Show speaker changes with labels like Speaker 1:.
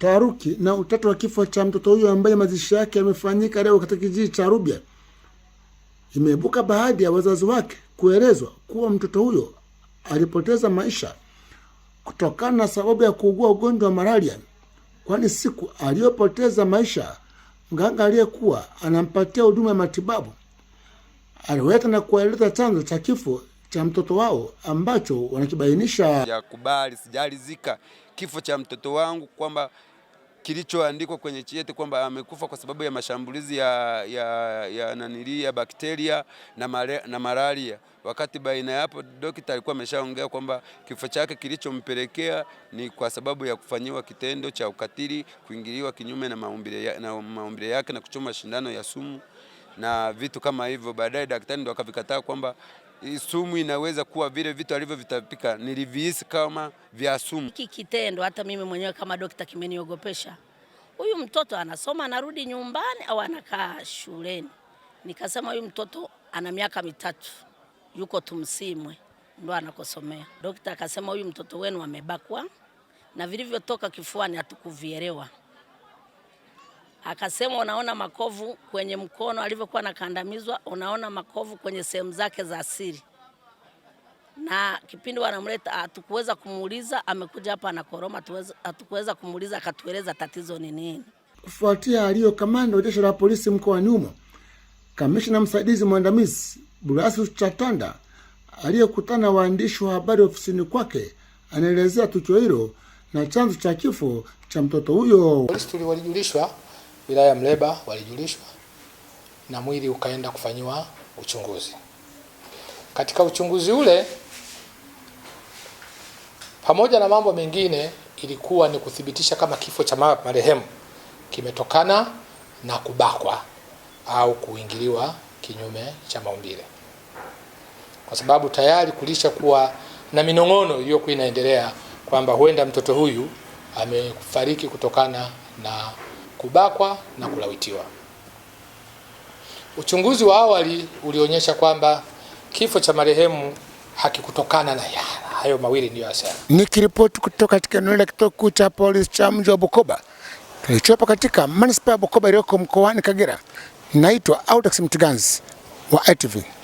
Speaker 1: taharuki na utata wa kifo cha mtoto huyo ambaye mazishi yake yamefanyika leo katika kijiji cha Rubya, imeibuka baadhi ya wazazi wake kuelezwa kuwa mtoto huyo alipoteza maisha kutokana na sababu ya kuugua ugonjwa wa malaria, kwani siku aliyopoteza maisha mganga aliyekuwa anampatia huduma ya matibabu aliweta na kueleza chanzo cha kifo cha mtoto wao ambacho wanakibainisha.
Speaker 2: kubali, sijalizika kifo cha mtoto wangu kwamba kilichoandikwa kwenye cheti kwamba amekufa kwa sababu ya mashambulizi ya, ya, ya nanili ya bakteria na, mare, na malaria. Wakati baina ya hapo dokta alikuwa ameshaongea kwamba kifo chake kilichompelekea ni kwa sababu ya kufanyiwa kitendo cha ukatili, kuingiliwa kinyume na maumbile ya, na maumbile yake na kuchoma shindano ya sumu na vitu kama hivyo. Baadaye daktari ndo akavikataa kwamba sumu inaweza kuwa vile vitu alivyovitapika nilivihisi kama vya sumu.
Speaker 3: Hiki kitendo hata mimi mwenyewe kama dokta kimeniogopesha. Huyu mtoto anasoma anarudi nyumbani au anakaa shuleni? Nikasema huyu mtoto ana miaka mitatu, yuko Tumsimwe ndo anakosomea. Dokta akasema huyu mtoto wenu amebakwa na vilivyotoka kifuani hatukuvielewa. Akasema unaona makovu kwenye mkono alivyokuwa nakandamizwa, unaona makovu kwenye sehemu zake za asili. Na kipindi wanamleta hatukuweza kumuuliza, amekuja hapa na koroma, hatukuweza kumuuliza akatueleza tatizo ni nini.
Speaker 1: Kufuatia aliyo kamanda wa jeshi la polisi mkoani humo, kamishna msaidizi mwandamizi Burasu Chatanda aliyekutana waandishi wa habari ofisini kwake anaelezea tukio hilo na chanzo cha kifo cha mtoto huyo.
Speaker 4: Polisi tuliwajulishwa wilaya ya Mleba walijulishwa na mwili ukaenda kufanyiwa uchunguzi. Katika uchunguzi ule, pamoja na mambo mengine, ilikuwa ni kuthibitisha kama kifo cha marehemu kimetokana na kubakwa au kuingiliwa kinyume cha maumbile, kwa sababu tayari kulisha kuwa na minong'ono iliyokuwa inaendelea kwamba huenda mtoto huyu amefariki kutokana na kubakwa na kulawitiwa. Uchunguzi wa awali ulionyesha kwamba kifo cha marehemu hakikutokana na ya, hayo mawili ndiyo hasa.
Speaker 1: Nikiripoti kutoka katika eneo la kituo cha polisi cha mji wa Bukoba kilichopo katika manispaa ya Bukoba iliyoko mkoani Kagera, naitwa Audax Mtiganzi wa ITV.